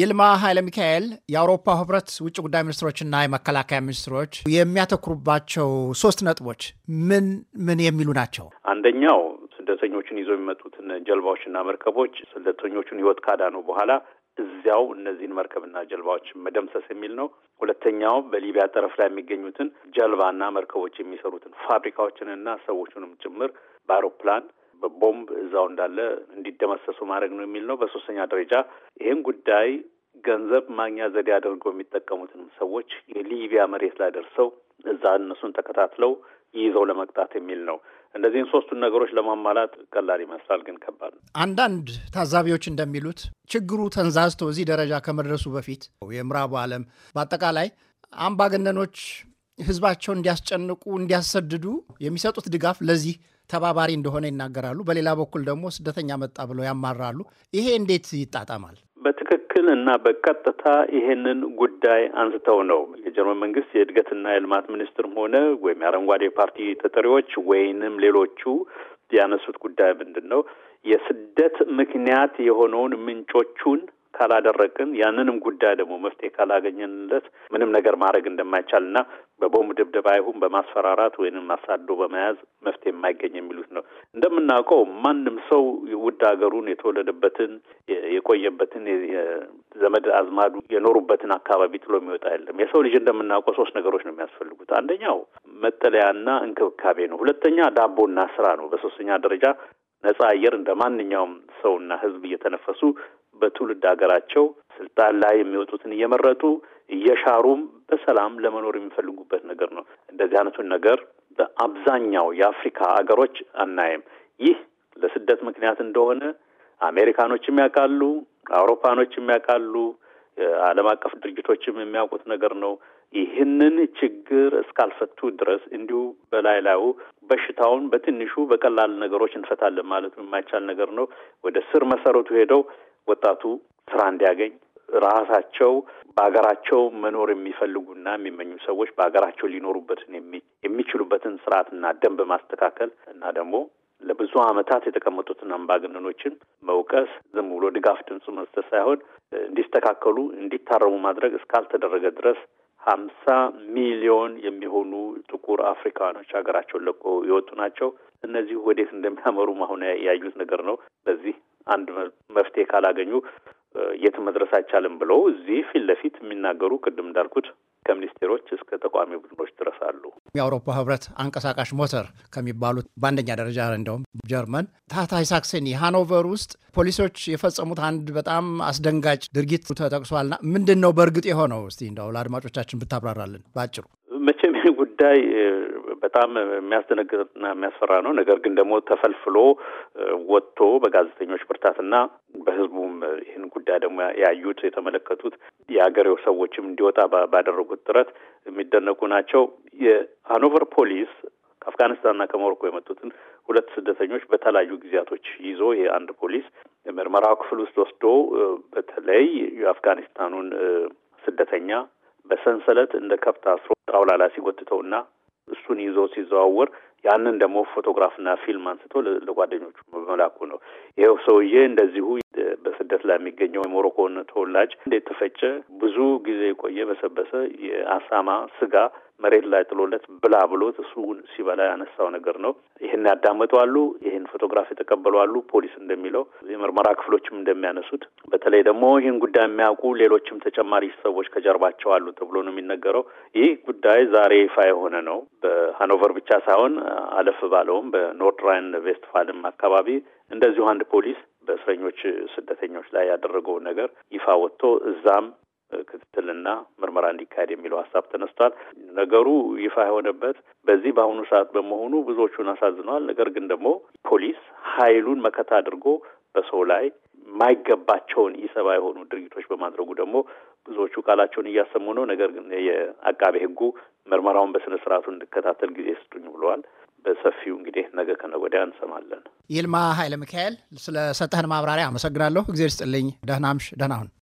ይልማ ኃይለ ሚካኤል የአውሮፓ ህብረት ውጭ ጉዳይ ሚኒስትሮችና የመከላከያ ሚኒስትሮች የሚያተኩሩባቸው ሶስት ነጥቦች ምን ምን የሚሉ ናቸው? አንደኛው ስደተኞችን ይዞ የሚመጡትን ጀልባዎችና መርከቦች ስደተኞቹን ህይወት ካዳኑ በኋላ እዚያው እነዚህን መርከብና ጀልባዎች መደምሰስ የሚል ነው። ሁለተኛው በሊቢያ ጠረፍ ላይ የሚገኙትን ጀልባና መርከቦች የሚሰሩትን ፋብሪካዎችንና ሰዎቹንም ጭምር በአውሮፕላን ቦምብ እዛው እንዳለ እንዲደመሰሱ ማድረግ ነው የሚል ነው። በሶስተኛ ደረጃ ይህን ጉዳይ ገንዘብ ማግኛ ዘዴ አድርገው የሚጠቀሙትን ሰዎች የሊቢያ መሬት ላይ ደርሰው እዛ እነሱን ተከታትለው ይዘው ለመቅጣት የሚል ነው። እነዚህን ሶስቱን ነገሮች ለማሟላት ቀላል ይመስላል፣ ግን ከባድ ነው። አንዳንድ ታዛቢዎች እንደሚሉት ችግሩ ተንዛዝቶ እዚህ ደረጃ ከመድረሱ በፊት የምዕራቡ ዓለም በአጠቃላይ አምባገነኖች ህዝባቸውን እንዲያስጨንቁ፣ እንዲያሰድዱ የሚሰጡት ድጋፍ ለዚህ ተባባሪ እንደሆነ ይናገራሉ። በሌላ በኩል ደግሞ ስደተኛ መጣ ብለው ያማራሉ። ይሄ እንዴት ይጣጣማል? በትክክል እና በቀጥታ ይሄንን ጉዳይ አንስተው ነው የጀርመን መንግስት የእድገትና የልማት ሚኒስትርም ሆነ ወይም የአረንጓዴ ፓርቲ ተጠሪዎች ወይንም ሌሎቹ ያነሱት ጉዳይ ምንድን ነው? የስደት ምክንያት የሆነውን ምንጮቹን ካላደረግን ያንንም ጉዳይ ደግሞ መፍትሄ ካላገኘንለት ምንም ነገር ማድረግ እንደማይቻል እና በቦምብ ድብደባ ይሁን በማስፈራራት ወይንም አሳዶ በመያዝ መፍትሄ የማይገኝ የሚሉት ነው። እንደምናውቀው ማንም ሰው ውድ ሀገሩን የተወለደበትን፣ የቆየበትን፣ ዘመድ አዝማዱ የኖሩበትን አካባቢ ጥሎ የሚወጣ የለም። የሰው ልጅ እንደምናውቀው ሶስት ነገሮች ነው የሚያስፈልጉት። አንደኛው መጠለያና እንክብካቤ ነው። ሁለተኛ ዳቦና ስራ ነው። በሶስተኛ ደረጃ ነጻ አየር እንደ ማንኛውም ሰውና ሕዝብ እየተነፈሱ በትውልድ ሀገራቸው ስልጣን ላይ የሚወጡትን እየመረጡ እየሻሩም በሰላም ለመኖር የሚፈልጉበት ነገር ነው። እንደዚህ አይነቱን ነገር በአብዛኛው የአፍሪካ ሀገሮች አናይም። ይህ ለስደት ምክንያት እንደሆነ አሜሪካኖችም ያውቃሉ፣ አውሮፓኖችም ያውቃሉ፣ ዓለም አቀፍ ድርጅቶችም የሚያውቁት ነገር ነው። ይህንን ችግር እስካልፈቱ ድረስ እንዲሁ በላይ ላዩ በሽታውን በትንሹ በቀላል ነገሮች እንፈታለን ማለቱ የማይቻል ነገር ነው። ወደ ስር መሰረቱ ሄደው ወጣቱ ስራ እንዲያገኝ ራሳቸው በሀገራቸው መኖር የሚፈልጉና የሚመኙ ሰዎች በሀገራቸው ሊኖሩበትን የሚችሉበትን ስርዓትና ደንብ ማስተካከል እና ደግሞ ለብዙ ዓመታት የተቀመጡትን አምባገነኖችን መውቀስ ዝም ብሎ ድጋፍ ድምፅ መስጠት ሳይሆን እንዲስተካከሉ እንዲታረሙ ማድረግ እስካልተደረገ ድረስ ሀምሳ ሚሊዮን የሚሆኑ ጥቁር አፍሪካውያኖች ሀገራቸውን ለቆ የወጡ ናቸው። እነዚህ ወዴት እንደሚያመሩ አሁን ያዩት ነገር ነው። በዚህ አንድ መፍትሄ ካላገኙ የት መድረስ አይቻልም ብለው እዚህ ፊት ለፊት የሚናገሩ ቅድም እንዳልኩት ከሚኒስቴሮች እስከ ተቋሚ ቡድኖች ድረስ አሉ። የአውሮፓ ህብረት አንቀሳቃሽ ሞተር ከሚባሉት በአንደኛ ደረጃ እንደውም ጀርመን ታህታይ ሳክሰኒ ሃኖቨር ውስጥ ፖሊሶች የፈጸሙት አንድ በጣም አስደንጋጭ ድርጊት ተጠቅሷልና ምንድን ነው በእርግጥ የሆነው? እስቲ እንደው ለአድማጮቻችን ብታብራራልን በአጭሩ። ጉዳይ በጣም የሚያስደነግጥና የሚያስፈራ ነው። ነገር ግን ደግሞ ተፈልፍሎ ወጥቶ በጋዜጠኞች ብርታትና በህዝቡም ይህን ጉዳይ ደግሞ ያዩት የተመለከቱት የአገሬው ሰዎችም እንዲወጣ ባደረጉት ጥረት የሚደነቁ ናቸው። የሀኖቨር ፖሊስ ከአፍጋኒስታንና ከሞሮኮ የመጡትን ሁለት ስደተኞች በተለያዩ ጊዜያቶች ይዞ ይሄ አንድ ፖሊስ ምርመራው ክፍል ውስጥ ወስዶ በተለይ የአፍጋኒስታኑን ስደተኛ በሰንሰለት እንደ ከብት አስሮ ጣውላ ላይ ሲጎትተውና እሱን ይዞ ሲዘዋወር ያንን ደግሞ ፎቶግራፍና ፊልም አንስቶ ለጓደኞቹ መላኩ ነው። ይኸው ሰውዬ እንደዚሁ በስደት ላይ የሚገኘው የሞሮኮን ተወላጅ እንዴት ተፈጨ፣ ብዙ ጊዜ የቆየ በሰበሰ የአሳማ ስጋ መሬት ላይ ጥሎለት ብላ ብሎት እሱ ሲበላ ያነሳው ነገር ነው። ይህን ያዳመጡ አሉ፣ ይህን ፎቶግራፍ የተቀበሉ አሉ። ፖሊስ እንደሚለው የምርመራ ክፍሎችም እንደሚያነሱት በተለይ ደግሞ ይህን ጉዳይ የሚያውቁ ሌሎችም ተጨማሪ ሰዎች ከጀርባቸው አሉ ተብሎ ነው የሚነገረው። ይህ ጉዳይ ዛሬ ይፋ የሆነ ነው። በሀኖቨር ብቻ ሳይሆን አለፍ ባለውም በኖርድ ራይን ቬስትፋልም አካባቢ እንደዚሁ አንድ ፖሊስ በእስረኞች ስደተኞች ላይ ያደረገውን ነገር ይፋ ወጥቶ እዛም ክትትልና ምርመራ እንዲካሄድ የሚለው ሀሳብ ተነስቷል። ነገሩ ይፋ የሆነበት በዚህ በአሁኑ ሰዓት በመሆኑ ብዙዎቹን አሳዝነዋል። ነገር ግን ደግሞ ፖሊስ ኃይሉን መከታ አድርጎ በሰው ላይ የማይገባቸውን ኢሰብአዊ የሆኑ ድርጊቶች በማድረጉ ደግሞ ብዙዎቹ ቃላቸውን እያሰሙ ነው። ነገር ግን የአቃቤ ሕጉ ምርመራውን በስነ ስርዓቱ እንድከታተል ጊዜ ስጡኝ ብለዋል። በሰፊው እንግዲህ ነገ ከነገ ወዲያ እንሰማለን። ይልማ ኃይለ ሚካኤል ስለሰጠህን ማብራሪያ አመሰግናለሁ። እግዜር ስጥልኝ። ደህና ምሽ። ደህና